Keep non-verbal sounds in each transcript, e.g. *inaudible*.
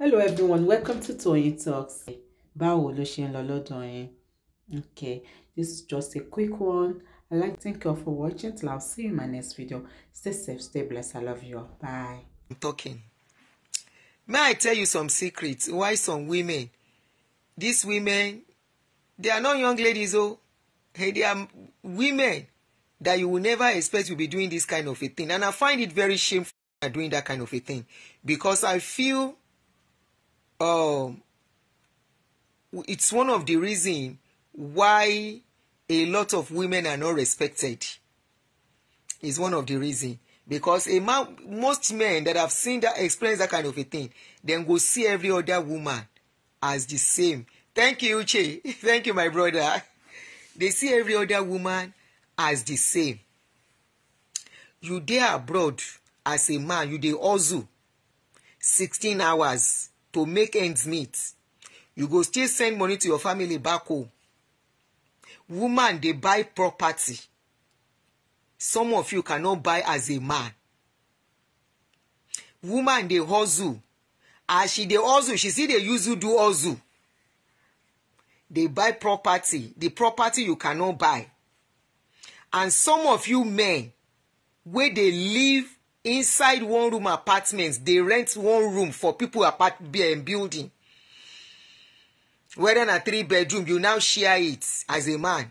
hello everyone welcome to Toyeen Talks báwo ló ṣe ń lọ lọ́dọ̀ yín okay this is just a quick one i like to thank you all for watching till i'll see you in my next video stay safe stay blessed i love you all bye. i'm talking may i tell you some secrets why some women these women they are not young ladies o oh. hey, they are women that you will never expect will be doing this kind of a thing and i find it very shameful doing that kind of a thing because i feel um, it's one of the reason why a lot of women are not respected. Is one of the reason because a man, most men that have seen that experience that kind of a thing, then go see every other woman as the same. Thank you, Uche. *laughs* Thank you, my brother. *laughs* They see every other woman as the same. You dey abroad as a man, you dey hustle sixteen hours to make ends meet you go still send money to your family back home woman dey buy property some of you cannot buy as a man woman dey hustle as she dey hustle she still dey use you do hustle dey buy property the property you cannot buy and some of you men wey dey live inside one room apartment dey rent one room for people apart um, building whether na three bedroom you now share it as a man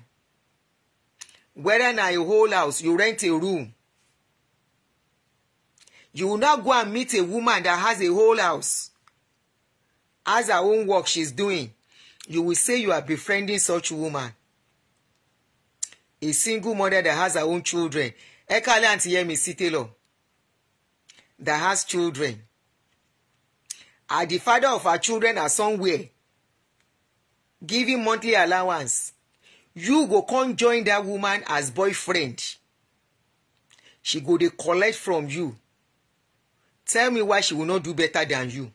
whether na a whole house you rent a room you now go and meet a woman that has a whole house has her own work she's doing you will say you are befriending such woman a single mother that has her own children ẹ kálẹ̀ àǹtí yẹmi that has children are the father of her children are somewhere giving monthly allowance you go come join that woman as boyfriend she go dey collect from you tell me why she will not do better than you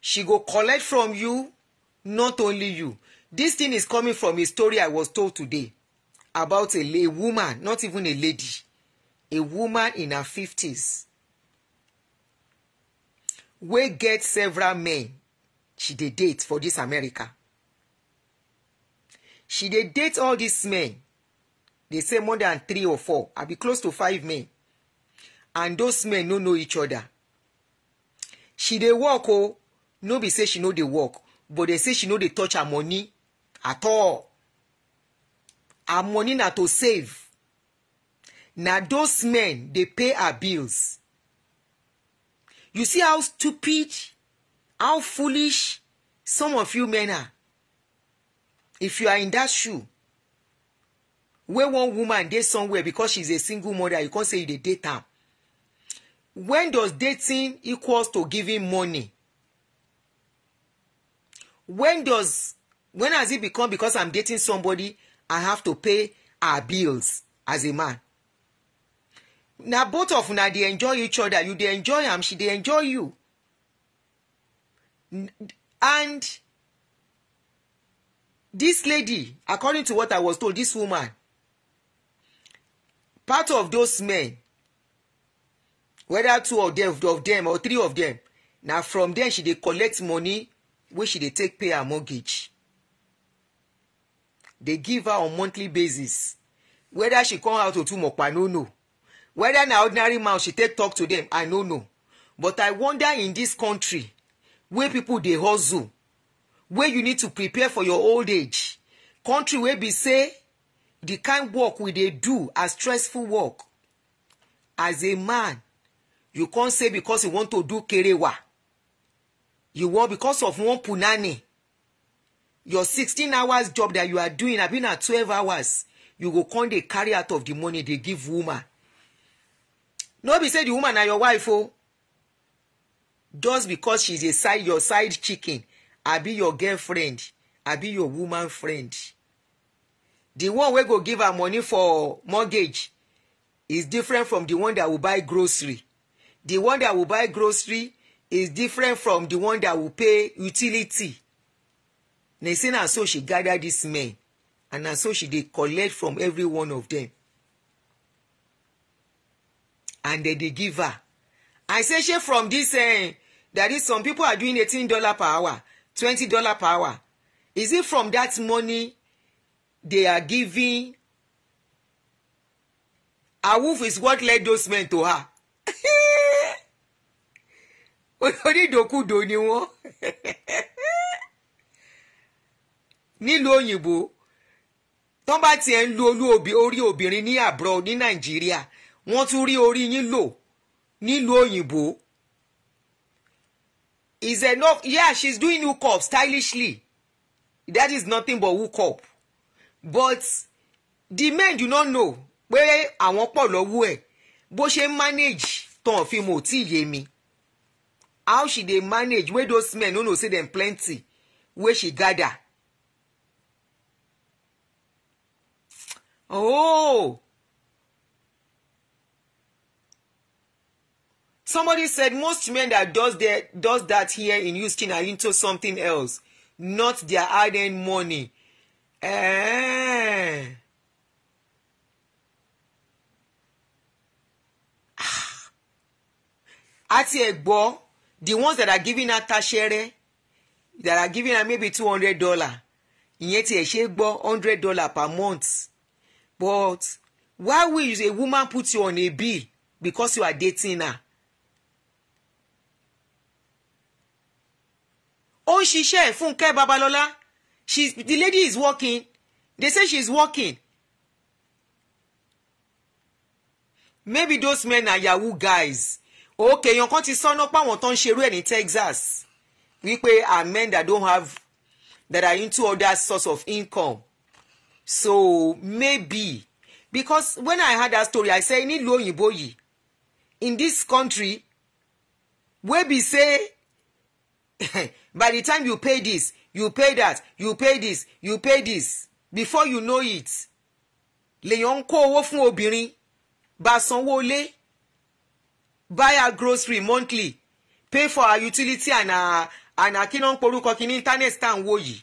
she go collect from you not only you This thing is coming from a story i was told today about a, a woman not even a lady a woman in her fifties wey get several men she dey date for dis america she dey date all dis men dey say more than three or four i be close to five men and those men no know each other she dey work o oh. no be say she no dey work but dey say she no dey touch her money at all her money na to save na those men dey pay her bills You see how stupid, how foolish some of you men are. If you are in that shoe, where one woman dey somewhere because she is a single mother, you can't say you dey date am. When does dating equals to giving money? When does when has it become because I'm dating somebody, I have to pay her bills as a man? na both of una dey enjoy each other you dey enjoy am she dey enjoy you and this lady according to what i was told this woman part of those men whether two of them, of them or three of them na from there she dey collect money wey she dey take pay her mortgage dey give her on monthly basis whether she come out or otu mokpa no know whether na ordinary man she take talk to them, i no know but i wonder in this country wey people dey hustle wey you need to prepare for your old age country wey be say di kind work we dey do as stressful work as a man you con say because you want to do kerewa you want because of one punani your sixteen hours job that you are doing abi na twelve hours you go con dey carry out of the money dey give woman no be say the woman na your wife o just because she dey side your side chicken abi your girlfriend abi your woman friend the one wey go give her money for mortgage is different from the one that will buy grocery the one that will buy grocery is different from the one that will pay utility na say na so she gather these men and na so she dey collect from every one of them and they they give her i say shey from this uh, that is some people are doing eighteen dollar per hour twenty dollar per hour is it from that money they are giving awoof is what led those men to her *laughs* onídòkúdò ni wọn *laughs* nílùú òyìnbó tán bá tiẹ̀ ń lu olú orí obìnrin ní àbúrò ní nàìjíríà wọ́n tún rí orí yín lò nílùú òyìnbó is enough yeah she's doing hook cup stylishly that is nothing but hook cup. but the men do not know pé àwọn pọ̀ lọ́wọ́ ẹ̀ bó ṣe manage tán fi mọ̀ tí yé mi how she dey manage wey those men no know say dem plenty wey she gather. oh Somebody said most men that does their does that here in Houston are into something else, not their hard-earned money. Eh. Ah. àti ẹ̀gbọ́ the ones that are giving her tashere that are giving her maybe two hundred dollar ìyẹn tiẹ̀ ṣe gbọ́ hundred dollar per month but why will a woman put you on a bill because you are dating her ó ń ṣiṣẹ́ Fúnkẹ́ Babalọ́lá she the lady is working they say she is working maybe those men are yahoo guys òkè èèyàn kan ti sọ́nà páwọn tó ń ṣerú ẹ̀ ní Texas wípé are men that don't have that are into other source of income so maybe because when I heard that story I say nílùú òyìnbó yìí in this country wey be say *laughs* by the time you pay this you pay that you pay this you pay this before you know it lèèyàn ń kó owó fún obìnrin bá sanwó lé buy her grocery monthly pay for her utility and her and her kíná ń porúkọ kíní internet tá à ń wò yìí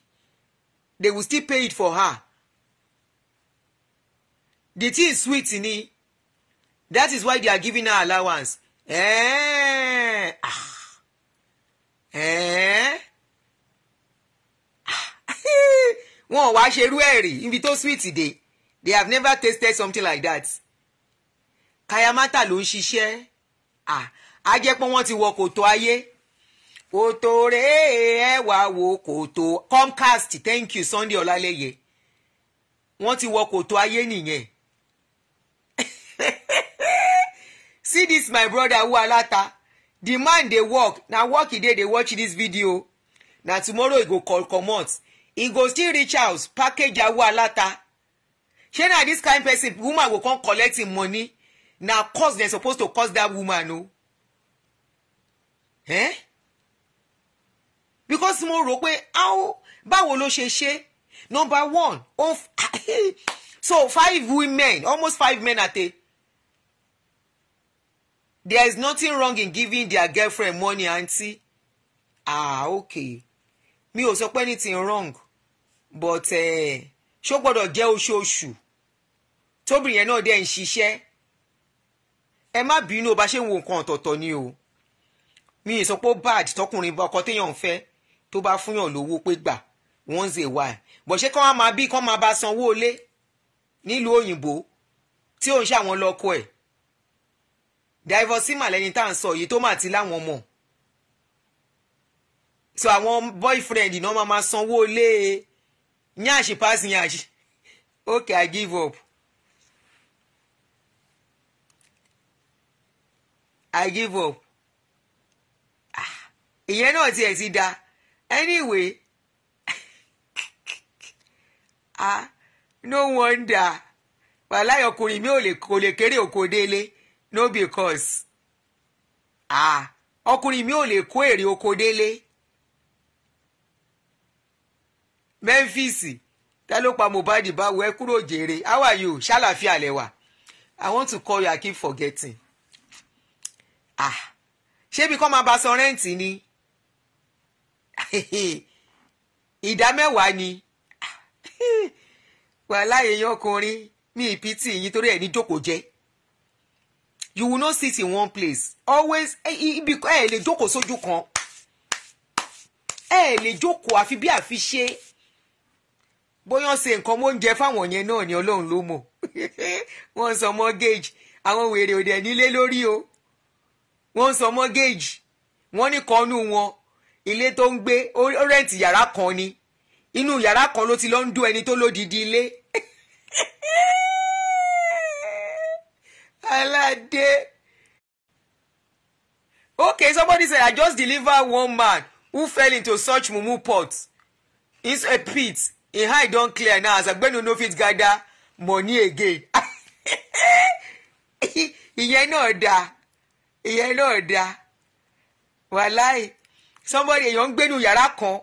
they will still pay it for her the thing sweet ni that is why they are giving her allowance. Eh, ah. *laughs* wọn ò wá ṣerú ẹ̀ rí ibi tó sweet dé they have never tasted something like that kayamata ló ń ṣiṣẹ́ a jẹ́ pé wọ́n ti wọ kòtò ayé kòtò rèé ẹ wá wo kòtò Comcast thank you Sunday Ọlálẹ́yẹ wọ́n ti wọ kòtò ayé nìyẹn *laughs* see this my brother Who alata? the man dey work na work He dey dey watch this video na tomorrow he go call comot He go still reach house package awo alata shey na this kind person woman go come collect im money na cause dem suppose to cause that woman o eh? because mo rò pé how báwo ló ṣe ṣe number one of *laughs* so five women almost five men at a there is nothing wrong in giving their girlfriend money aunty ah okay mi ò sọ pé anything wrong but eh, ṣó gbọ́dọ̀ jẹ́ oṣooṣù tóbìnrin yẹn náà dẹ̀ ń ṣiṣẹ́ ẹ má bínú bá ṣe ń wo nǹkan ọ̀tọ̀ọ̀tọ̀ ni o mi ì sọ pé bad tọkùnrin ọkọ téèyàn ń fẹ́ tó bá fúnyàn lówó pé gbà once a while bọ̀ ṣé kọ́ máa bí kọ́ máa bá sanwó ilé nílùú òyìnbó tí òun ṣàwọn lọ́kọ ẹ̀ Dàìvọ̀ Símà lẹ́ni tá à ń sọ yìí tó mà ti láwọn ọmọ so àwọn boyfriend náà máa máa sanwó lé e ní àṣepàṣì yẹn àṣì okay I give up I give up ah, ìyẹn náà tiẹ̀ ti da anyway *laughs* ah no wonder wàhálà ọkùnrin mi ò lè kéré òkò délé no because ah ọkùnrin mi ò lè kó èrè oko délé Memphis ta ló pa Mohbad báwo ẹ kúrò jèrè how are you ṣàlàfíà lẹwà I want to call you I keep forgetting ah ṣébi kọ́ máa ba san rẹ́ǹtì ni *laughs* ìdá mẹ́wàá ni *laughs* wàhálà èèyàn ọkùnrin mi ìpìtì yìí torí ẹ̀ ní jókòó jẹ́ you will not sit in one place always eh, ibi ẹ lè jókòó sójú kan ẹ lè jókòó àfi bí àfi ṣe bóyá ṣe nǹkan mọ oúnjẹ fáwọn yẹn náà ni Ọlọ́run ló mọ̀ *laughs* wọ́n sọ mortgage àwọn wèrè òde nílé lórí o wọ́n sọ mortgage wọ́n ní kan nú wọn ilé tó ń gbé ó rẹ́ǹtì yàrá kan ni inú yàrá kan ló ti lọ ń dún ẹni tó lódìdí ilé *laughs* Alade. Okay, somebody say I just deliver one man who fell into such mumu pot. It's a pit. In high don clear now as Agbenu no fit gather money again. *laughs* Ìyẹn náà da. Ìyẹn náà da. Wàláì. Somebody èèyàn ń gbénu yàrá kan.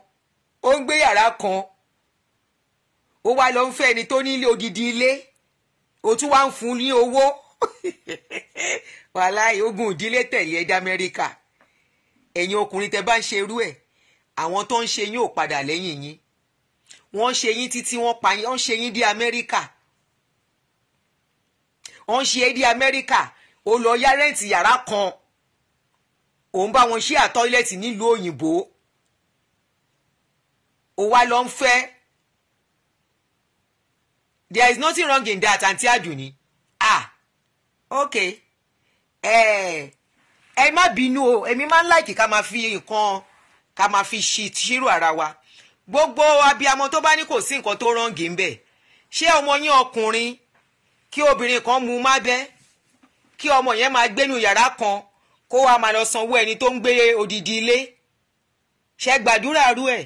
Ó ń gbé yàrá kan. Ó wá lọ ń fẹ́ ẹni tó ní ilé odidi ilé. Ó tún wá ń fún ní owó. *laughs* wàhálà ogun ìdílé tẹ̀lé ẹ̀dá amẹ́ríkà ẹ̀yin ọkùnrin tẹ bá ń ṣe irú ẹ̀ àwọn tó ń ṣe yín ò padà lẹ́yìn yín wọ́n ṣe yín títí wọ́n pa yín wọ́n ṣe yín dé amẹ́ríkà wọ́n ṣe é dé amẹ́ríkà ó lọ yá rẹ́ǹtì yàrá kan òun bá wọn ṣí àtọ́ílẹ̀tì nílùú òyìnbó ó wá lọ ń fẹ́ there is nothing wrong in that àǹtí àdùnní ok ẹ ẹ má bínú o èmi máa ń láìkì ká máa fi nǹkan ká máa fi ṣírò ara wa gbogbo abiyamọ tó bá ní kò sí nǹkan tó rọ́ǹgì ń bẹ̀ ṣé ọmọ yín ọkùnrin kí obìnrin kan mú má bẹ́ kí ọmọ yẹn máa gbénu yàrá kan kó wàá máa lọ sanwó ẹni tó ń gbé odidi ilé ṣe gbàdúrà rú ẹ̀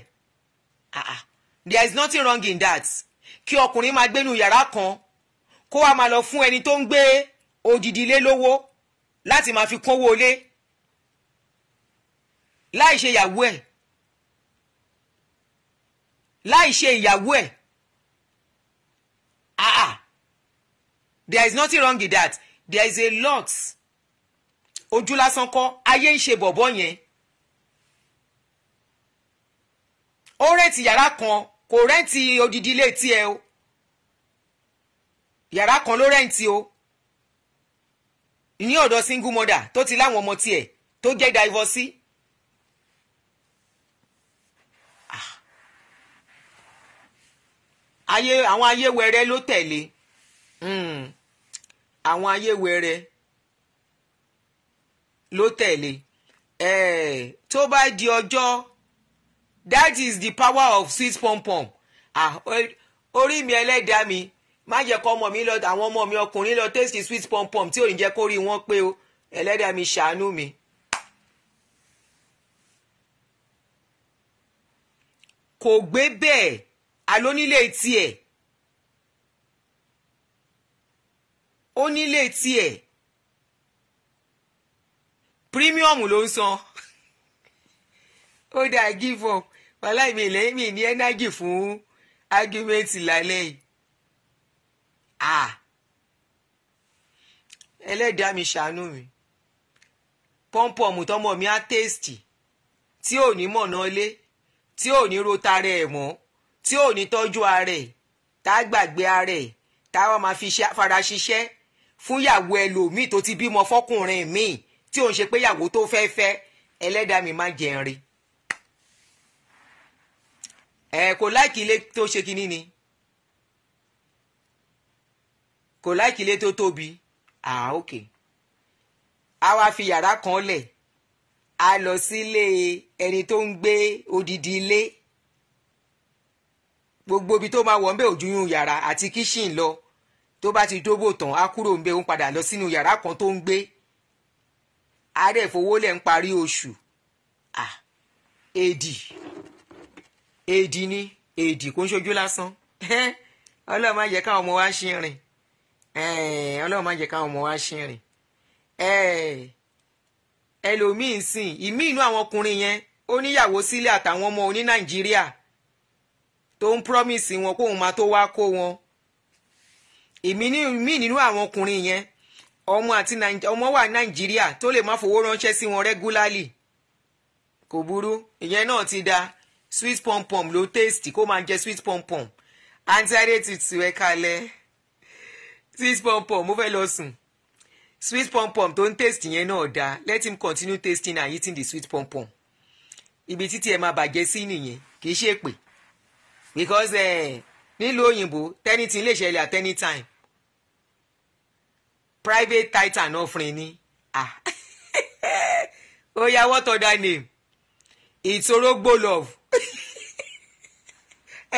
there is nothing wrong in that kí ọkùnrin máa gbénu yàrá kan kó wàá máa lọ fún ẹni tó ń gbé odidi ilé lówó láti máa fi kówó ilé láì ṣe ìyàwó ẹ̀ láì ṣe ìyàwó ẹ̀ ah ah there is nothing wrong with that there is a lot ojú lásán kọ́ ayé ń ṣe bọ̀bọ̀ yẹn ó rẹ́ǹtì yàrá kan kò rẹ́ǹtì odidi ilé tiẹ̀ o yàrá kan ló rẹ́ǹtì o ní ọ̀dọ̀ single mother tó ti láwọn ọmọ tiẹ̀ tó jẹ́ divorcee. Ah. ayé àwọn ayé wẹrẹ ló tẹ̀lé hmm. àwọn ayé wẹrẹ ló tẹ̀lé eh, tó bá di ọjọ́ that is the power of sweet pom pom ah, orí mi ẹlẹ́dàá mi má jẹ́ kọ́ ọmọ mi lọ àwọn ọmọ mi ọkùnrin lọ tẹ́sí sweet pom pom tí ò ní jẹ́ kó rí wọn pé o ẹlẹ́dàá mi ṣàánú mi. kò gbé bẹ́ẹ̀ alónílé tiẹ̀ onílé tiẹ̀ premium ló ń san ó dáa give up wàhálà mi lẹ́yìn mi ní energy fún argument lálẹ́ yìí ẹlẹ́dàá mi ṣàánú mi pọ́ńpù ọ̀mù tọmọ mi á tèèstì tí ò ní mọ̀nà ilé tí ò ní ro tara ẹ̀ mọ́ tí ò ní tọ́jú ara ẹ̀ tá a gbàgbé ara ẹ̀ tá a máa fi fara ṣiṣẹ́ fúnyàwó ẹlòmíì tó ti bímọ fọkùnrin míì tí òun ṣe pé yàwó tó fẹ́ fẹ́ ẹlẹ́dàá mi máa jẹun rí ẹ̀ láìkí ilé tó ṣe kinní ni kò láìkí ilé tó tóbi ah ok a wá fi yàrá kan lẹ̀ a lọ sílé ẹni tó ń gbé odidi ilé gbogbo ibi tó máa wọ̀ ń bẹ̀ òjúyún yàrá àti kíṣìn lọ tó bá ti dóbò tán á kúrò ń bẹ̀ padà lọ sínú yàrá kan tó ń gbé a fowó lẹ̀ ń parí oṣù ah èdì èdì ni èdì kò ń ṣojú lásán *laughs* ọlọ́run máa yẹ káwọn ọmọ wa ṣe rìn ọlọ́run má jẹ́ káwọn ọmọ wa ṣe rìn ẹlòmíì sìn ìmí inú àwọn ọkùnrin yẹn ó níyàwó sílé àtàwọn ọmọ oní nàìjíríà tó ń promise wọn kóun máa tó wá kó wọn ìmí nínú àwọn ọkùnrin yẹn ọmọ àti ọmọ wà nàìjíríà tó lè má fowó ránṣẹ́ sí wọn regularly kò burú ìyẹn náà ti da sweet pom pom ló taste kó máa jẹ sweet pom pom antiretics ẹ kalẹ̀ sweet pompom mo fẹ́ lọ sùn sweet pompom tó ń taste yẹn náà dáa let him continue tasting and eating the sweet pompom ibi títí ẹ máa bàjẹ́ sí nìyẹn kì í ṣe pé because eh, nílùú òyìnbó tẹ́nitì lè ṣẹlẹ̀ at any time private titan offering ni ah ó *laughs* oh yá what other name ìtòrógbò love *laughs*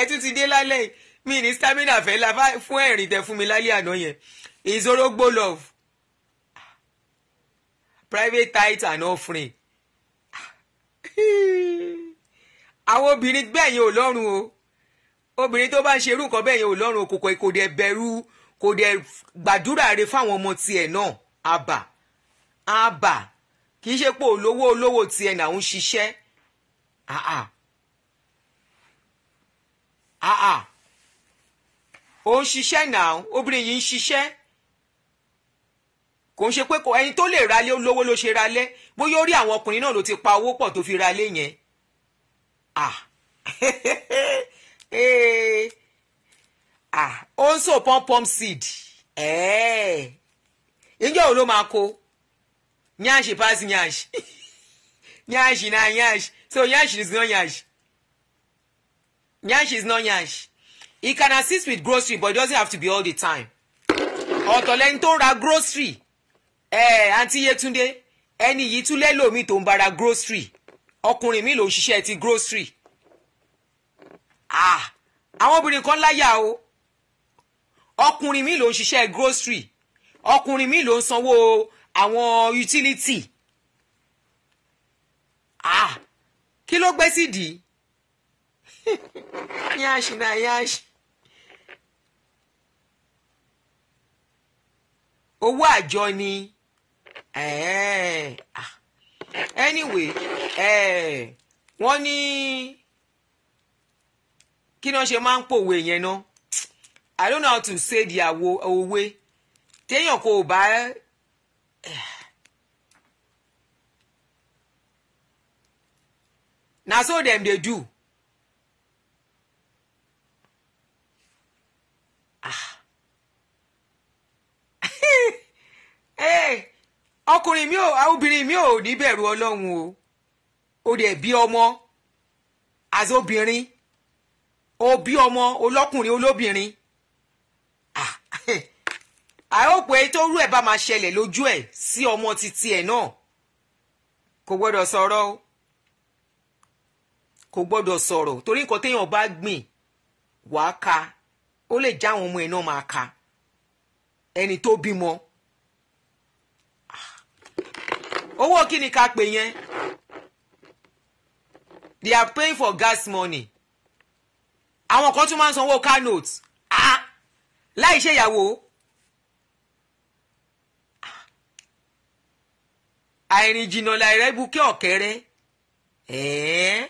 ẹ tún ti dé lálẹ́ yìí mi ní stamina fẹ́ la fún ẹ̀rín tẹ fún mi lálẹ́ àná yẹn ìsorógbó love private tithe and offering àwọn obìnrin gbẹ̀yìn ọlọ́run o obìnrin tó bá ń ṣerú nǹkan bẹ́ẹ̀ yẹn ọlọ́run kò kò dẹ̀ bẹ̀rù kò dẹ̀ gbàdúrà rẹ̀ fáwọn ọmọ tiẹ̀ náà àbà àbà kì í ṣe pé olówó olówó tiẹ̀ náà ń ṣiṣẹ́ àà àà. ó ń ṣiṣẹ́ náà obìnrin yìí ń ṣiṣẹ́ kò ń ṣe pé ẹni tó lè ralé lówó ló ṣe ralé bóyá ó rí àwọn ọkùnrin náà ló ti pa owó pọ̀ tó fi ralé yẹn ah *laughs* ah ó ń sọ pom-pom seed ìjọ eh, wo ló máa kó yanṣi pass yanṣi *laughs* yanṣi na yanṣi so yanṣi is not yanṣi yanṣi is not yanṣi. he can assist with grocery but it doesn't have to be all the time ọ̀tọ̀ lẹni tó ń ra grocery ẹ̀ àǹtí Yétúndé ẹni yìí tún lẹ́lòmíì tó ń bára grocery ọkùnrin mi ló ń ṣiṣẹ́ ti grocery ah àwọn obìnrin kan láyà o ọkùnrin mi ló ń ṣiṣẹ́ grocery ọkùnrin mi ló ń sanwó àwọn utility ah kí ló gbé sídìí *laughs* yáàṣì náà yáàṣì. owu àjọ ni ah. anyway wọ́n kí ni wọ́n ṣe máa ń pòwe yẹn náà i don't know how to say the òwe téèyàn kò bá *sighs* na so dem dey do *laughs* Eh, ọkùnrin mi ò obìnrin mi ò ní bẹ̀rù ọlọ́run o ó dẹ̀ bí ọmọ àti obìnrin ó bí ọmọ olọ́kùnrin olóbìnrin àìhòpò ah, *laughs* èyí tó rú ẹ̀ bá máa ṣẹlẹ̀ lójú ẹ̀ sí ọmọ títí ẹ̀ náà kò gbọ́dọ̀ sọ̀rọ̀ o kò gbọ́dọ̀ sọ̀rọ̀ torí nǹkan téèyàn bá gbìn wàá ka ó lè já àwọn ọmọ ẹ̀ náà máa ka ẹni tó bímọ owó kí ni ká pè yẹn they are paying for gas money àwọn kan tún máa ń sanwó car note ah! láì ṣèyàwó àìrìn jìnnà láìrẹ́ bukẹ́ ọ̀kẹ́rẹ́ eh?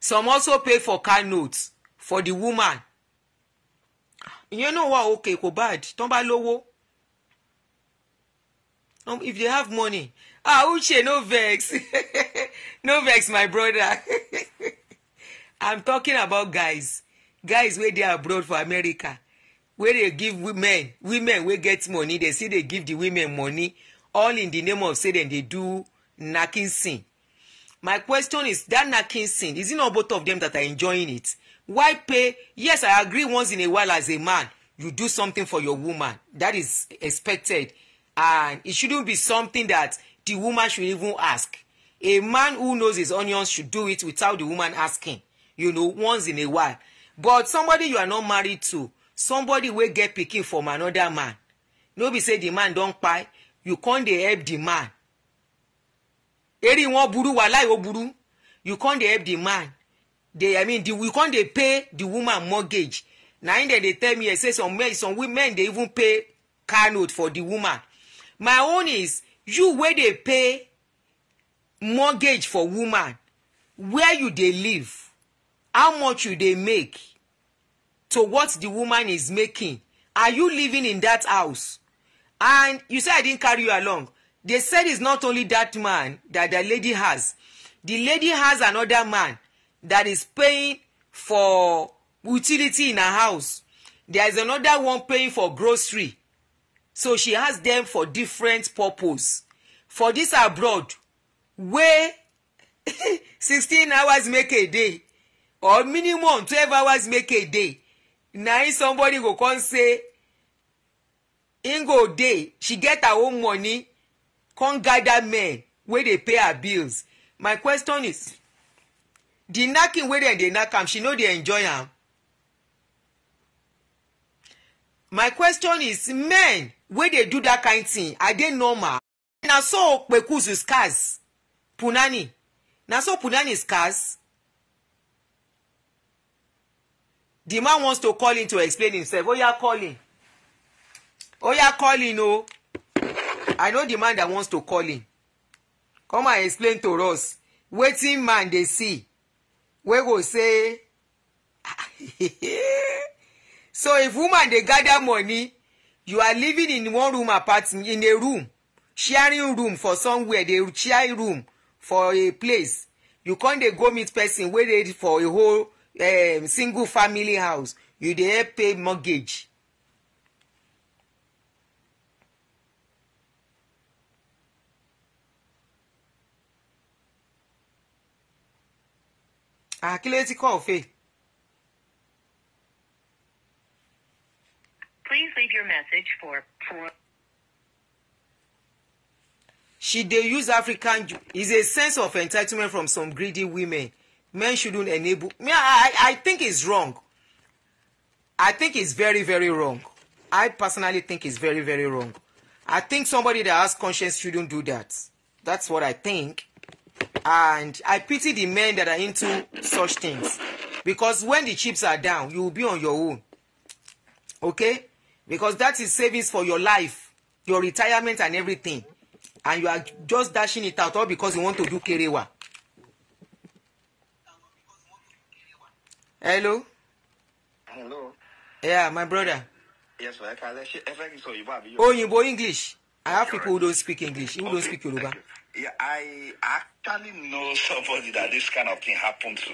some also pay for car note for the woman ìyẹn náà wà okay kò bad tán bá lówó um, if they have money ah uche no vex *laughs* no vex my brother *laughs* i'm talking about guys guys wey dey abroad for america wey dey give women women wey get money dey still dey give the women money all in the name of say dem dey do knacking sin my question is that knacking sin is it not both of them that are enjoying it why pay yes i agree once in a while as a man you do something for your woman that is expected and it shouldn't be something that the woman should even ask a man who knows his onions should do it without the woman asking you know once in a while but somebody you are not married to somebody wey get pikin from another man no be say the man don kpai you come dey help the man eri wọn burú wàhálà ìwọ burú you come dey help the man they i mean the, we con dey pay the woman mortgage na im dem dey tell me say some men some women dey even pay car note for the woman my own is you wey dey pay mortgage for woman where you dey live how much you dey make to what the woman is making are you living in that house and you say i didn't carry you along they said it's not only that man that the lady has the lady has another man that is paying for utility in her house there is another one paying for grocery so she has them for different purpose for this abroad wey *laughs* sixteen hours make a day or minimum twelve hours make a day na if somebody go come say im go dey she get her own money come gather men wey dey pay her bills my question is The knacking wey dem dey knack am she no dey enjoy am my question is men wey dey do dat kain thing? are dey normal na so okpekuzu scars punani na so punani scars the man wants to call in to explain himself oya oh, call in oya oh, call in o oh. i know the man that wants to call in come and explain to us wetin man dey see wey go say *laughs* so if woman dey gather money you are living in one room apartment in a room sharing room for somewhere dey share room for a place you come dey go meet person wey dey for a whole um, single family house you dey help pay mortgage àkílẹ́sí ah, kọ́ Please leave your message for. for she they use african is a sense of entitlement from some greedy women men shouldn't enable me i i think it's wrong i think it's very very wrong i personally think it's very very wrong i think somebody that has conscience shouldn't do that that's what i think and i pity the men that are into such things because when the chips are down you will be on your own okay because that is savings for your life your retirement and everything and you are just dashing it out all because you want to do kerewa hello hello yeah my brother yes sir ẹ kalẹ ṣe ẹ english i have people who don't speak english who don't speak Yoruba. yeah, I actually know somebody that this kind of thing happened to.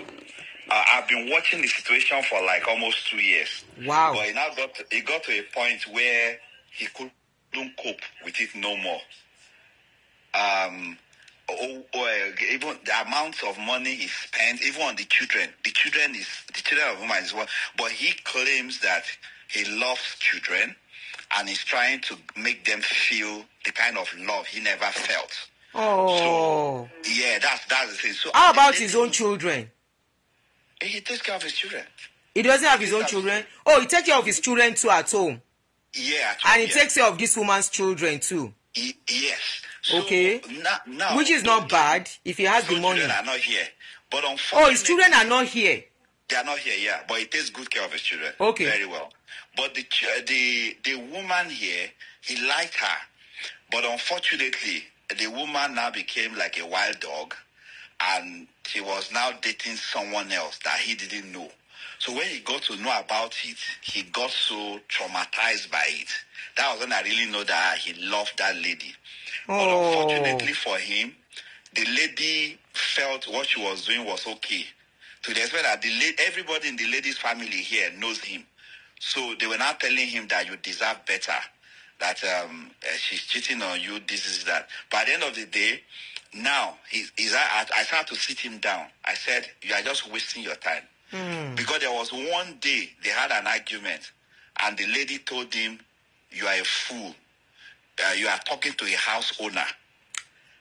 Uh, I've been watching the situation for like almost two years. Wow! But now got to, it got to a point where he couldn't cope with it no more. Um, or, oh, oh, eh, even the amount of money he spent, even on the children. The children is the children of mine is one. But he claims that he loves children, and he's trying to make them feel the kind of love he never felt. Oh. So, yeah, that's that's the thing. So how about his own children? He takes care of his children. He doesn't have he his own children. Oh, he takes care of his children too at home. Yeah. At home, and he yeah. takes care of this woman's children too. He, yes. So, okay. Now, now, Which is not bad if he has the money. are not here, but unfortunately. Oh, his children are not here. They are not here, yeah, but he takes good care of his children. Okay. Very well. But the uh, the the woman here, he liked her, but unfortunately, the woman now became like a wild dog and she was now dating someone else that he didn't know. So when he got to know about it, he got so traumatized by it. That was when I really know that ah, he loved that lady. Oh. But unfortunately for him, the lady felt what she was doing was okay. To the extent that the la- everybody in the lady's family here knows him. So they were now telling him that you deserve better that um, uh, she's cheating on you, this is that. By the end of the day, now he's, he's, I, I started to sit him down. I said, you are just wasting your time. Mm. Because there was one day they had an argument and the lady told him, you are a fool. Uh, you are talking to a house owner.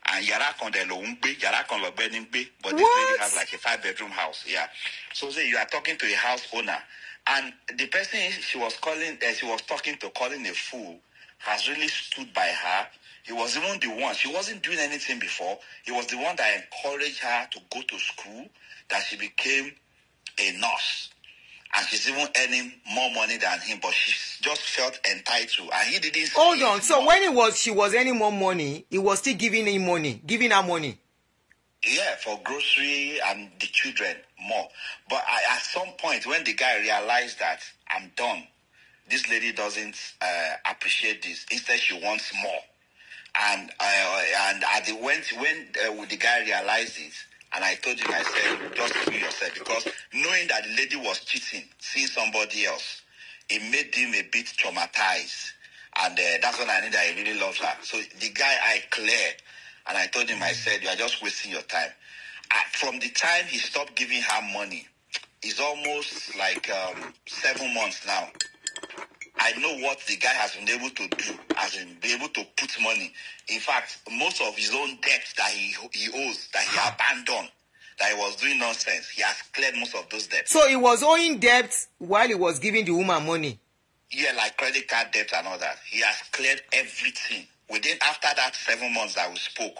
And you are dẹ̀ lòún gbé, yàrá kan lọ̀gbẹ́ But this what? lady has like a five bedroom house. Yeah. So say you are talking to a house owner. And the person she was calling, uh, she was talking to calling a fool has really stood by her. He was even the one, she wasn't doing anything before. He was the one that encouraged her to go to school, that she became a nurse. And she's even earning more money than him, but she just felt entitled. And he didn't. Hold on. So when it was she was earning more money, he was still giving him money, giving her money. Yeah, for grocery and the children more. But at some point, when the guy realized that I'm done, this lady doesn't uh, appreciate this. Instead, she wants more. And uh, and at the when when uh, the guy realized it, and I told him, I said, just kill yourself because knowing that the lady was cheating, seeing somebody else, it made him a bit traumatized. And uh, that's when I knew that he really loves her. So the guy I cleared, and I told him, I said, you are just wasting your time. Uh, from the time he stopped giving her money, it's almost like um, seven months now. I know what the guy has been able to do, has been able to put money. In fact, most of his own debts that he he owes, that he abandoned, that he was doing nonsense, he has cleared most of those debts. So he was owing debts while he was giving the woman money. Yeah, like credit card debt and all that. He has cleared everything. Within after that seven months that we spoke,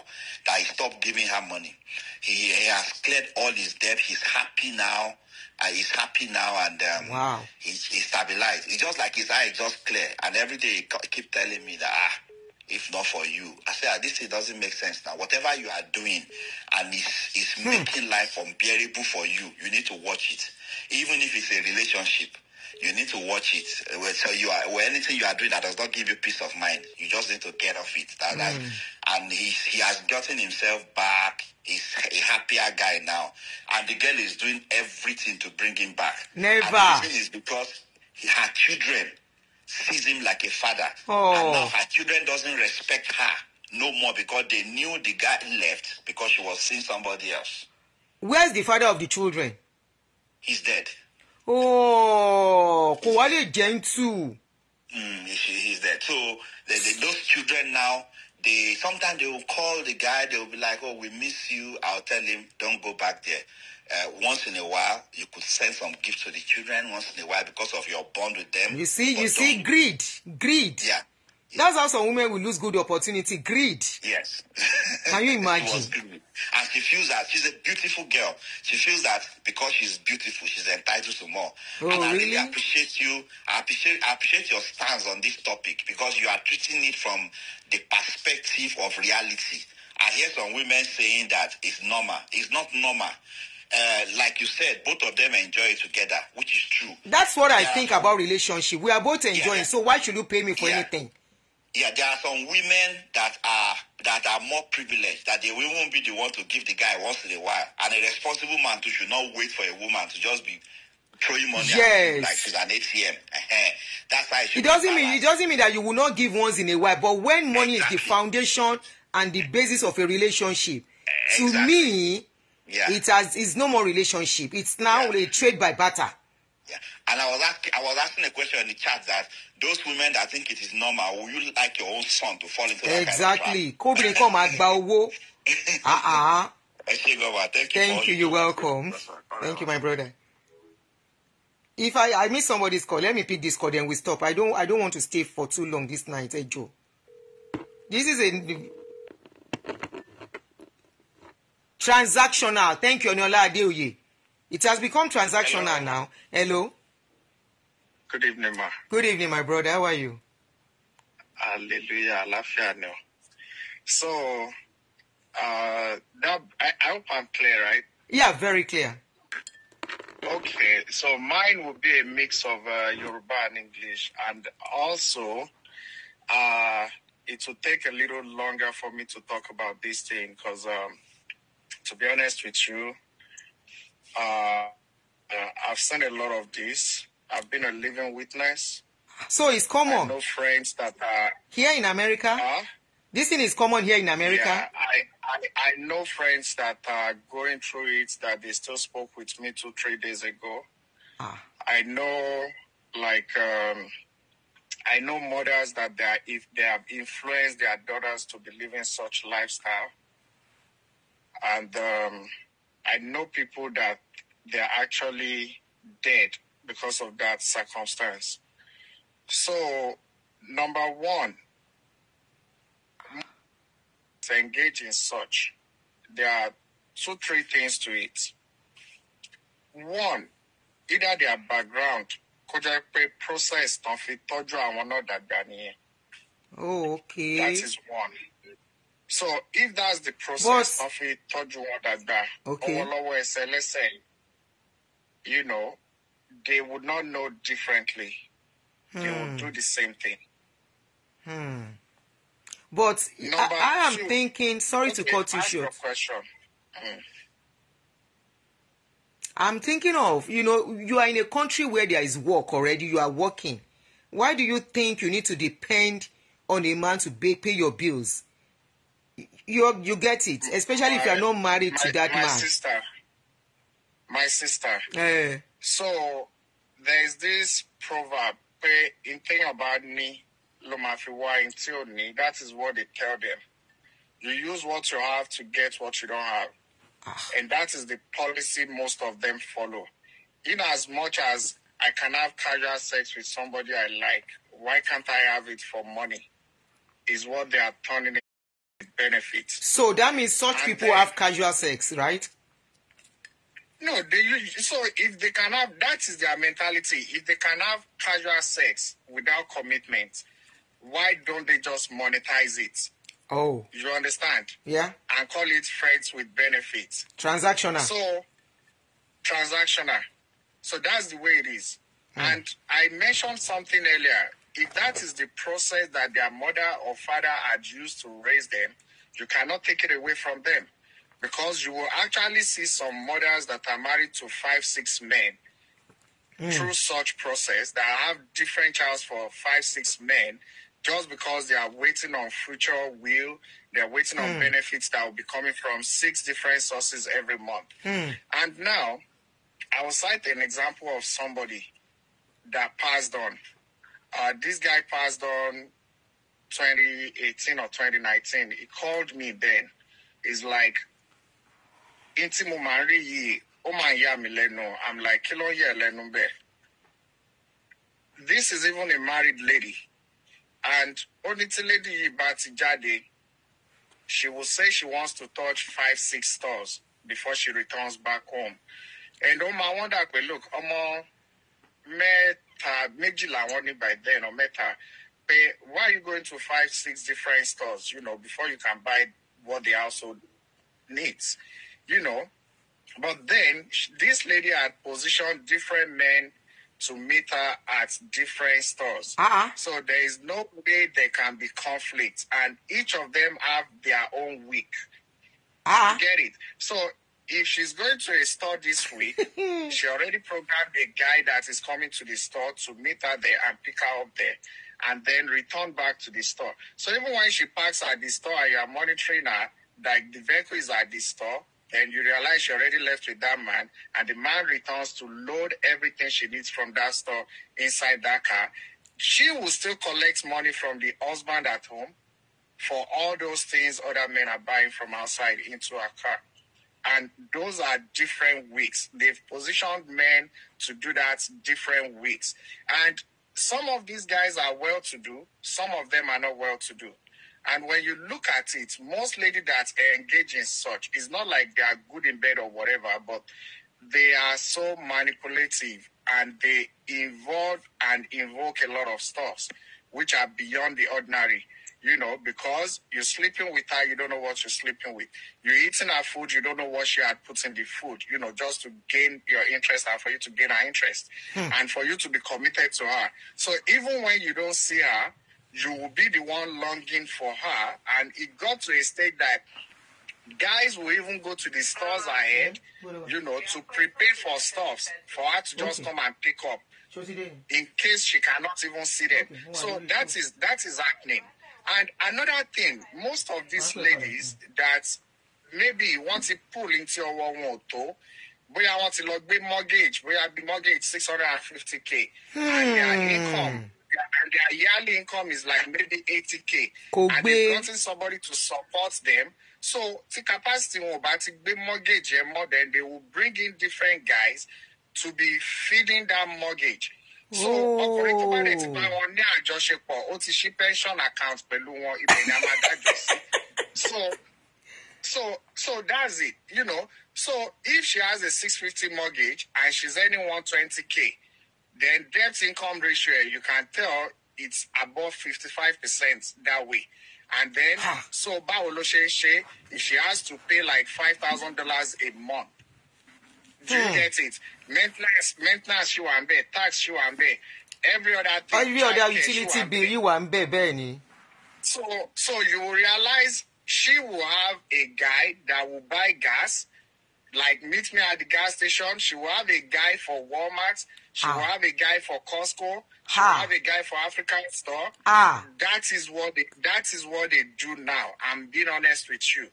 that he stopped giving her money, he, he has cleared all his debt. He's happy now and he's happy now and um, wow. he, he stabilized. It's just like his eye just clear. And every day he keep telling me that, ah, if not for you. I said, ah, this it doesn't make sense now. Whatever you are doing and it's, it's hmm. making life unbearable for you, you need to watch it. Even if it's a relationship you need to watch it. so you are well, anything you are doing that does not give you peace of mind, you just need to get off it. That, mm. like, and he he has gotten himself back. He's a happier guy now, and the girl is doing everything to bring him back. Never. And the reason is because her children sees him like a father, oh. and now oh. her children doesn't respect her no more because they knew the guy left because she was seeing somebody else. Where's the father of the children? He's dead. Oh, kò wá lè jẹ́ ntú. Hmm, he's there so those children now they sometimes they will call the guy they will be like oh we miss you i'll tell him don't go back there. Uh, once in a while you could send some gifts to the children once in a while because of your bond with them. You see, but you see, greed, greed. Yeah. That's how some women will lose good opportunity. Greed. Yes. *laughs* Can you *laughs* imagine? She and she feels that she's a beautiful girl. She feels that because she's beautiful, she's entitled to more. Oh, and I really? really appreciate you. I appreciate, I appreciate your stance on this topic because you are treating it from the perspective of reality. I hear some women saying that it's normal. It's not normal. Uh, like you said, both of them enjoy it together, which is true. That's what yeah. I think about relationship. We are both enjoying, yeah. so why should you pay me for yeah. anything? yeah, there are some women that are that are more privileged, that they won't be the one to give the guy once in a while. And a responsible man too should not wait for a woman to just be throwing money yes. like she's an ATM. That's why it doesn't mean it doesn't mean that you will not give once in a while, but when money exactly. is the foundation and the basis of a relationship, exactly. to me, yeah. it has is no more relationship. It's now yeah. a trade by butter. Yeah. And I was asking, I was asking a question in the chat that those women that think it is normal, will you like your own son to fall into that exactly. kind of trap? Exactly. come at Baowo. Ah ah. Thank you. Thank you. You're welcome. Thank you, my brother. If I I miss somebody's call, let me pick this call, then we stop. I don't I don't want to stay for too long this night, hey Joe. This is a transactional. Thank you, Oniola Adeoye. It has become transactional Hello. now. Hello. Good evening, ma. Good evening, my brother. How are you? Hallelujah. Alafia no. So, uh, that, I, I hope I'm clear, right? Yeah, very clear. Okay, so mine will be a mix of uh, Yoruba and English, and also uh, it will take a little longer for me to talk about this thing because, um, to be honest with you, uh, I've seen a lot of this. I've been a living witness. So it's common. No friends that are here in America. Huh? This thing is common here in America. Yeah, I, I, I know friends that are going through it that they still spoke with me two three days ago. Ah. I know like um, I know mothers that they are, if they have influenced their daughters to be living such lifestyle, and um, I know people that they're actually dead because of that circumstance. So, number one, to engage in such, there are two, three things to it. One, either their background could jẹ́ processed process tán told you i náà dàgbà nìyẹn. oh okay. that is one. So if that's the process but, of it, that wọn Okay. ọwọ́ lọ́wọ́ say listen, you know, they would not know differently. Hmm. They would hmm. do the same thing. Hmm. But I, I am two. thinking, sorry okay, to cut you short. Question. Hmm. I'm thinking of, you know, you are in a country where there is work already, you are working. Why do you think you need to depend on a man to pay your bills? you you get it especially my, if you're not married my, to that my man sister my sister hey. Eh. so there's this proverb in thing about me ló máa in wá that is what they tell them you use what you have to get what you don't have ah. and that is the policy most of them follow in as much as i can have casual sex with somebody i like why can't i have it for money is what they are turning benefit. So that means such and people then, have casual sex, right? No, they so if they can have that is their mentality. If they can have casual sex without commitment, why don't they just monetize it? Oh, you understand? Yeah, and call it friends with benefits. Transactional. So transactional. So that's the way it is. Mm. And I mentioned something earlier if that is the process that their mother or father had used to raise them, you cannot take it away from them because you will actually see some mothers that are married to five, six men mm. through such process that have different childs for five, six men just because they are waiting on future will, they're waiting mm. on hmm. benefits that will be coming from six different sources every month. Mm. And now, I will cite an example of somebody that passed on Uh, this guy passed on 2018 or 2019. He called me then. He's like, Inti mo máa ń rí yìí, I'm like, kí ló ń This is even a married lady. And only tí lady yìí bá she will say she wants to touch five, six stores before she returns back home. And ó máa wonder pé, look, ọmọ. Um, mẹ́ta méjì làwọn by then or mẹ́ta pé why are you going to five six different stores you know before you can buy what the household needs you know but then this lady had positioned different men to meet her at different stores. uh So there is no way there can be conflict, and each of them have their own week. uh Get it? So if she's going to a store this week, *laughs* she already programmed a guy that is coming to the store to meet her there and pick her up there and then return back to the store. So even when she parks at the store and you are monitoring her, like the vehicle is at the store, then you realize she already left with that man, and the man returns to load everything she needs from that store inside that car. She will still collect money from the husband at home for all those things other men are buying from outside into her car. And those are different weeks. They've positioned men to do that different weeks. And some of these guys are well to do, some of them are not well to do. And when you look at it, most ladies that engage in such, it's not like they are good in bed or whatever, but they are so manipulative and they involve and invoke a lot of stuff which are beyond the ordinary you know, because you're sleeping with her, you don't know what you're sleeping with. You're eating her food, you don't know what she had put in the food, you know, just to gain your interest and for you to gain her interest hmm. and for you to be committed to her. So even when you don't see her, you will be the one longing for her. And it got to a state that guys will even go to the stores ah. ahead, you know, to prepare for stuffs for her to just okay. come and pick up in case she cannot even see them. So that is that is happening. And another thing, most of these ladies that maybe wọ́n to pull into ọwọ́ one ò tó bóyá want to lọ gbé mortgage bóyá bí mortgage six hundred and fifty k and their hmm. income and their yearly income is like maybe eighty k and they wanting somebody to support them so the capacity wọn but bá ti mortgage more mọ́ then they will bring in different guys to be feeding that mortgage. so ọkùnrin tó bá rẹ̀ ti bá wọn ní àjọṣepọ̀ ó ti ṣí pension account pẹ̀lú wọn ibẹ̀ ni a máa dájọ́ sí so so so that's it you know so if she has a six fifty mortgage and she's earning one twenty k then debt income ratio you can tell it's above fifty five percent that way and then so báwo ló ṣe ń ṣe if she has to pay like five thousand dollars a month Do you hmm. get it? Maintenance, maintenance ṣì wà ń tax ṣì wà ń every other thing. Every other utility bill you wà ń bẹ̀ bẹ́ẹ̀ So so you will realize she will have a guy that will buy gas. Like meet me at the gas station. She will have a guy for Walmart. She ah. will have a guy for Costco. She ah. will have a guy for African store. Ah. That is what they, that is what they do now. I'm being honest with you.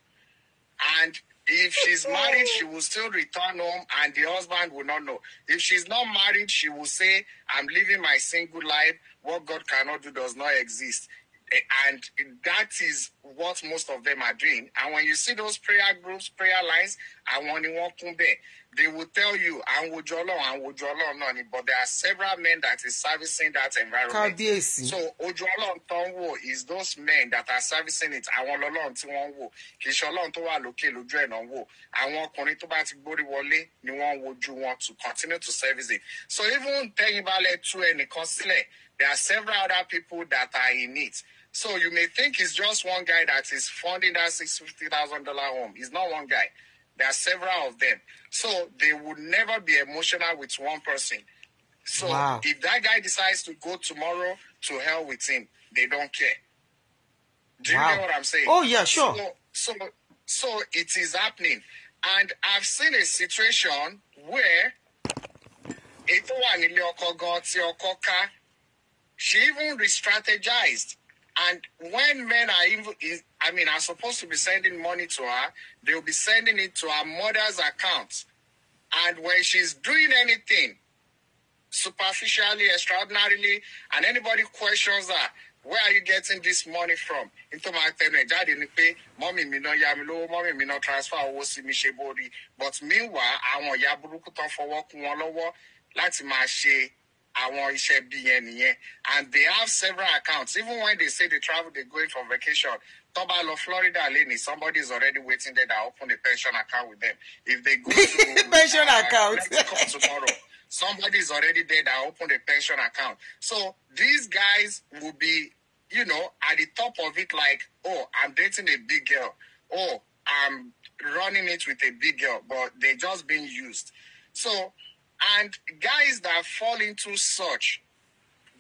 And If she's married, she will still return home and the husband will not know. If she's not married, she will say, I'm living my single life. What God cannot do does not exist. Eh, and that is what most of them are doing. And when you see those prayer groups, prayer lines, I want you to come there. they will tell you àwọn ojú ọlọ́run àwọn ojú náà ni but there are several men that is servicing that environment. so ojú ọlọ́run tó ń wò is those men that are servicing it àwọn ọlọ́run tí wọ́n ń wò kì í ṣe ọlọ́run tó wà lókè lójú ẹ̀ náà ń wò àwọn ọkùnrin tó bá ti gbórí wọlé ni wọ́n ń wojú wọn to continue to service it so even tẹ́yìn balẹ̀ tú ẹnìkan sílẹ̀ there are several other people that are in it. So you may think it's just one guy that is funding that six fifty thousand dollar home. It's not one guy. There are several of them. So they would never be emotional with one person. So wow. if that guy decides to go tomorrow, to hell with him. They don't care. Do you wow. know what I'm saying? Oh yeah, sure. So, so so it is happening. And I've seen a situation where if one nílé ọkọ gan she even re-strategized and when men are even, I mean, are supposed to be sending money to her, they'll be sending it to her mother's account. And when she's doing anything, superficially, extraordinarily, and anybody questions her, where are you getting this money from? Into my family, daddy, jáde ni pé mọ́mì mi náà yá mi Mommy, mọ́mì mi náà transfer owó sí mi ṣe body. but meanwhile àwọn ìyá burúkú for fọwọ́ kún over. let's my she want to bí yẹn and they have several accounts even when they say they travel they are going for vacation tó lọ Florida lẹ́ni somebody is already waiting there that open a pension account with them if they go to *laughs* pension uh, account tomorrow somebody is already there that open a pension account so these guys will be you know at the top of it like oh I'm dating a big girl oh I'm running it with a big girl but they are just being used so and guys that fall into such,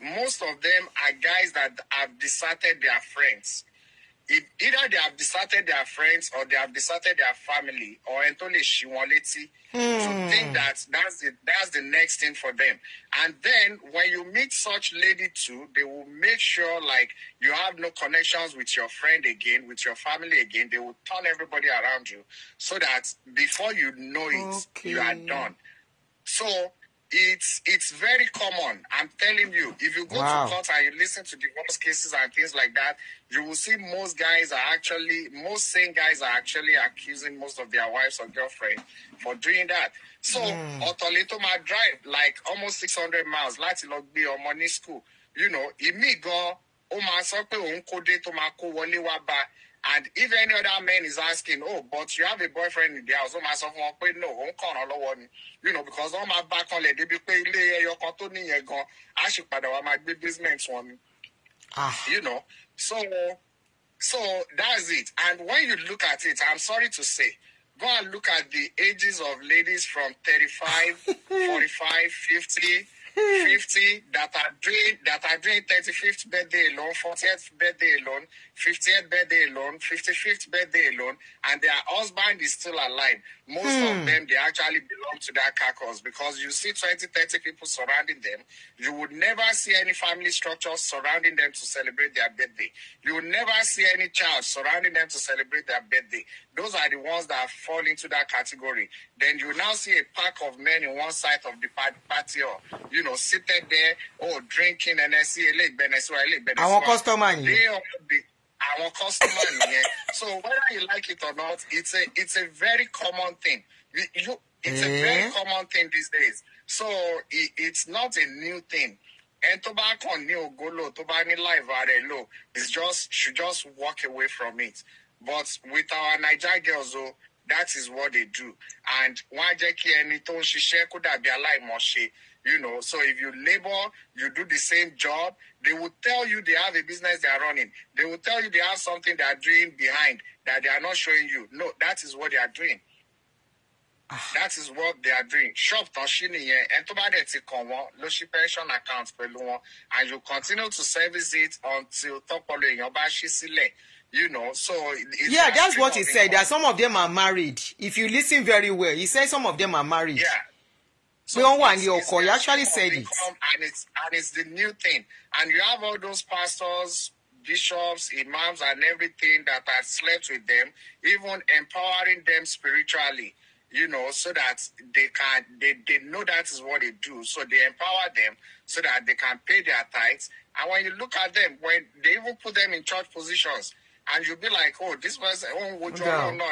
most of them are guys that have deserted their friends. If either they have deserted their friends or they have deserted their family or Anthony Shiwaleti mm. to think that that's the, that's the next thing for them. And then when you meet such lady too, they will make sure like you have no connections with your friend again, with your family again. They will turn everybody around you so that before you know it, okay. you are done. So it's it's very common. I'm telling you, if you go wow. to court and you listen to divorce cases and things like that, you will see most guys are actually most same guys are actually accusing most of their wives or girlfriend for doing that. So mm. Otolito my drive like almost six hundred miles, láti log be or money school. You know, imigo gan, ó tó máa kó wá bá and if any other man is asking oh but you have a boyfriend in the house ó máa sọ fún wọn pé no òun kàn án lọ́wọ́ you know because wọ́n my back kanlẹ̀ débi pé ilé ẹyọ kan tó níyẹn gan á sì padà wá máa gbé basement wọn Ah, you know so so that's it and when you look at it i'm sorry to say go and look at the ages of ladies from 35 *laughs* 45 50 fifty that are doing that are doing thirty fifth birthday alone, fortieth birthday alone, fiftieth birthday alone, fifty fifth birthday alone, and their husband is still alive. Most of hmm. them they actually belong to that carcass because you see 20, 30 people surrounding them. You would never see any family structure surrounding them to celebrate their birthday. You would never see any child surrounding them to celebrate their birthday. Those are the ones that fall into that category. Then you now see a pack of men in one side of the party, or you know, seated there, oh, drinking, and I see a leg Venezuela, a leg Venezuela. Our customer. They our customer. yeah. So whether you like it or not, it's a it's a very common thing. You, you it's mm. a very eh? common thing these days. So it, it's not a new thing. And tobacco new go low, tobacco live, are low. It's just should just walk away from it. But with our Niger girls, though, that is what they do. And one jẹ́ kí ẹni tó ń ṣiṣẹ́ kó more she. You know, so if you labor, you do the same job, they will tell you they have a business they are running. They will tell you they have something they are doing behind that they are not showing you. No, that is what they are doing. Ah. that is what they are doing. Shop tán ṣí nìyẹn. Ẹni tó bá dẹ̀ ti kàn wọ́n ló ṣí pension account pẹ̀lú wọn and you continue to service it until topolo èèyàn bá ṣí sílẹ̀. You know, so yeah, that's what he said. That some of them are married. If you listen very well, he said some of them are married. Yeah. You actually said it. And it's, and it's the new thing. And you have all those pastors, bishops, imams, and everything that have slept with them, even empowering them spiritually, you know, so that they can, they, they know that is what they do. So they empower them so that they can pay their tithes. And when you look at them, when they even put them in church positions, and you'll be like, oh, this person, oh, would you, oh, no.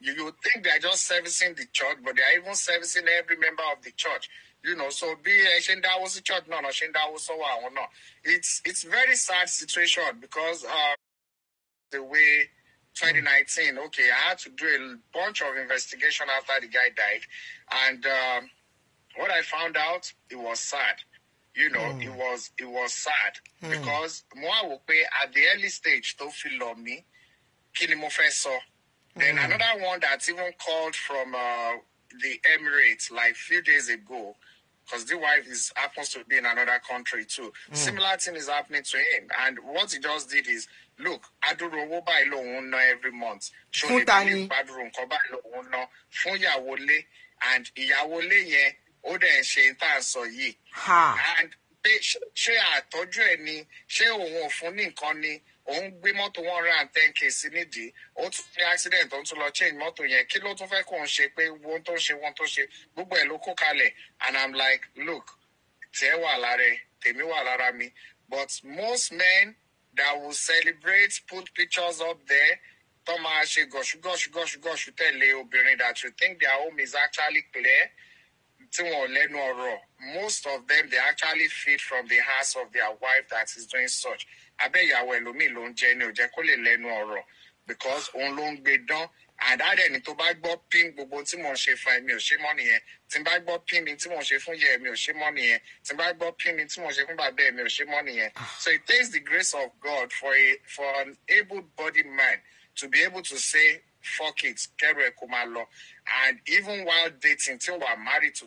you, you think they're just servicing the church, but they're even servicing every member of the church. You know, so be that was a church, no, no, that was so or no. It's it's very sad situation because uh, the way 2019, okay, I had to do a bunch of investigation after the guy died, and um, what I found out, it was sad you know mm. it hmm. was it was sad mm. because mo wá at the early stage tó fi lọ mí kí ni then mm. another one that even called from uh, the Emirates like few days ago because the wife is happens to be in another country too. Mm. Similar thing is happening to him, and what he just did is look, I do Adurowo by loan every month. Show the bedroom, Koba loan, Fun wole and Iyawole yen ó dẹ̀ ṣe tá a sọ yìí. ṣé àtọ́jú ẹ̀ ni ṣé òun ò fún ní ni òun gbé mọ́tò one round ten k sí nídìí ó tún ní accident ó tún lọ change mọ́tò yẹn kí ló tún fẹ́ kó ń ṣe pé wọ́n tó ṣe wọ́n tó ṣe gbogbo ẹ̀ ló kó kalẹ̀ and i'm like look tiẹ̀ wà lára ẹ̀ tèmi wà lára mi but most men that will celebrate put pictures up there tó máa ṣe gọ̀ṣù gọ̀ṣù gọ̀ṣù gọ̀ṣù tẹ̀lé obìnrin that you think their home is actually clear most of them they actually feed from the house of their wife that is doing such I bet you ń ṣe fún ẹ̀mí ò ṣe mọ́ nìyẹn tí n bá gbọ́ pín mi tí mò ń ṣe fún yẹ ẹ̀mí ò on long n gbe and adaade then into ba gbo pin gbọ́ se mo pin mi tí mò ń ṣe ti pin ẹ̀mí mo ṣe mọ́ mo ah. so it takes the grace of God for a for an able-bodied man to be able to say fuck kids, Kerry ẹ And even while dating, till we are married to,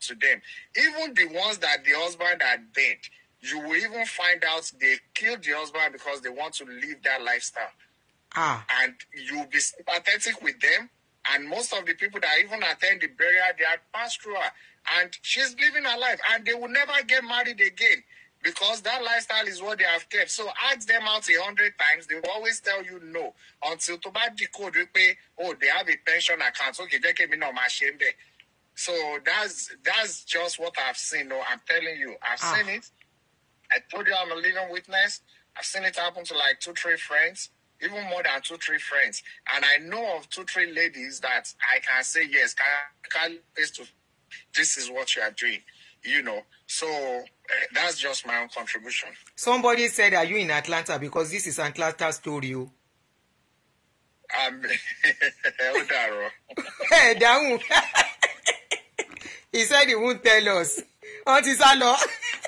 to them, even the ones that the husband are dead, you will even find out they killed the husband because they want to live that lifestyle. Ah. And you'll be sympathetic with them. And most of the people that even attend the burial, they are pastoral. And she's living her life. And they will never get married again because that lifestyle is what they have kept. So ask them out a hundred times, they will always tell you no. Until to buy the code, you pay, oh, they have a pension account. Okay, they came in on my shame there. So that's that's just what I've seen. No, I'm telling you, I've ah. seen it. I told you I'm a living witness. I've seen it happen to like two, three friends, even more than two, three friends. And I know of two, three ladies that I can say yes, can can face to this is what you are doing. you know. So uh, that's just my own contribution. Somebody said, "Are you in Atlanta?" Because this is Atlanta story. Oh. Um, *laughs* ó dàrọ. *laughs* Ẹ *laughs* He said he won't tell us. Wọ́n ti sá lọ.